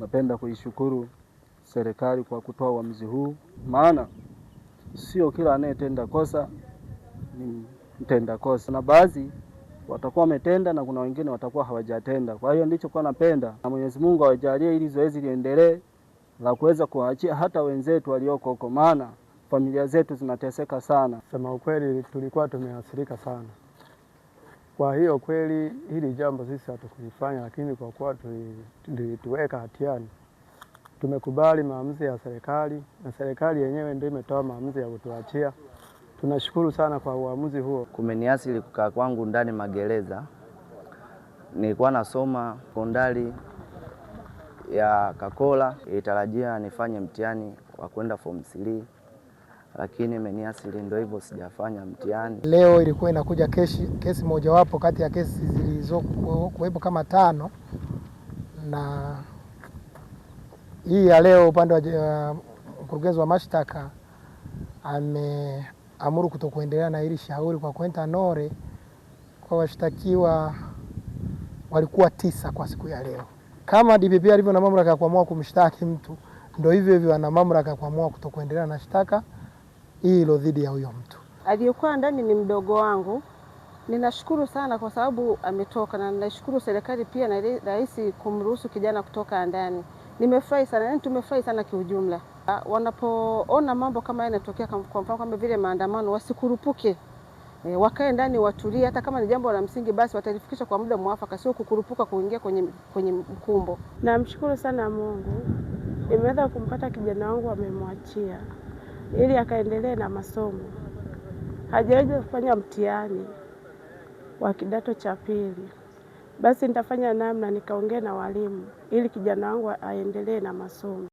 Napenda kuishukuru serikali kwa kutoa uamuzi huu, maana sio kila anayetenda kosa ni mtenda kosa, na baadhi watakuwa wametenda na kuna wengine watakuwa hawajatenda. Kwa hiyo ndicho kwa napenda na Mwenyezi Mungu awajalie hili zoezi liendelee la kuweza kuwaachia hata wenzetu walioko huko, maana familia zetu zinateseka sana. Sema ukweli, tulikuwa tumeathirika sana. Kwa hiyo kweli hili jambo sisi hatukulifanya, lakini kwa kuwa tulituweka hatiani, tumekubali maamuzi ya serikali na serikali yenyewe ndio imetoa maamuzi ya kutuachia. Tunashukuru sana kwa uamuzi huo. Kumeniasili kukaa kwangu ndani magereza. Nilikuwa nasoma kondali ya Kakola, ilitarajia nifanye mtihani wa kwenda form 3 lakini imeniasili, ndio hivyo, sijafanya mtihani. Leo ilikuwa inakuja kesi, kesi mojawapo kati ya kesi zilizokuwepo kama tano, na hii ya leo upande wa uh, mkurugenzi wa mashtaka ameamuru kutokuendelea na hili shauri kwa kwenta nore kwa washtakiwa walikuwa tisa kwa siku ya leo. Kama DPP alivyo na mamlaka ya kuamua kumshtaki mtu, ndio hivyo hivyo ana mamlaka ya kuamua kutokuendelea na shtaka hilo dhidi ya huyo mtu. Aliyekuwa ndani ni mdogo wangu. Ninashukuru sana kwa sababu ametoka, na nashukuru serikali pia na rais kumruhusu kijana kutoka ndani. Nimefurahi sana, yani tumefurahi sana kiujumla. Ah, wanapoona mambo kama yanatokea, kwa mfano kama vile maandamano, wasikurupuke E, wakae ndani watulie. Hata kama ni jambo la msingi, basi watalifikisha kwa muda mwafaka, sio kukurupuka kuingia kwenye, kwenye mkumbo. Namshukuru sana Mungu, nimeweza kumpata kijana wangu, amemwachia ili akaendelee na masomo. Hajaweza kufanya mtihani wa kidato cha pili, basi nitafanya namna nikaongee na walimu ili kijana wangu aendelee na masomo.